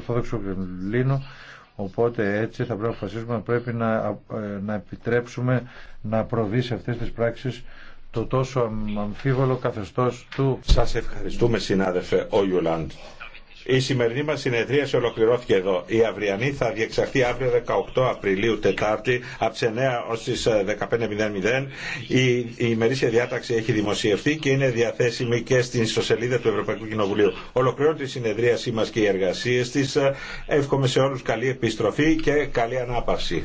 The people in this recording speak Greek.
Ορθόδοξο Κρεμλίνου. Οπότε έτσι θα πρέπει να αποφασίσουμε να πρέπει να, ε, να επιτρέψουμε να προβεί σε αυτές τις πράξεις το τόσο αμφίβολο καθεστώς του. Σας ευχαριστούμε συνάδελφε Όγιουλάντ. Η σημερινή μας συνεδρίαση ολοκληρώθηκε εδώ. Η αυριανή θα διεξαχθεί αύριο 18 Απριλίου Τετάρτη από τι 9 ω τι 15.00. Η, η ημερήσια διάταξη έχει δημοσιευθεί και είναι διαθέσιμη και στην ιστοσελίδα του Ευρωπαϊκού Κοινοβουλίου. Ολοκληρώνεται η συνεδρίασή μας και οι εργασίε τη, ε, Εύχομαι σε όλου καλή επιστροφή και καλή ανάπαυση.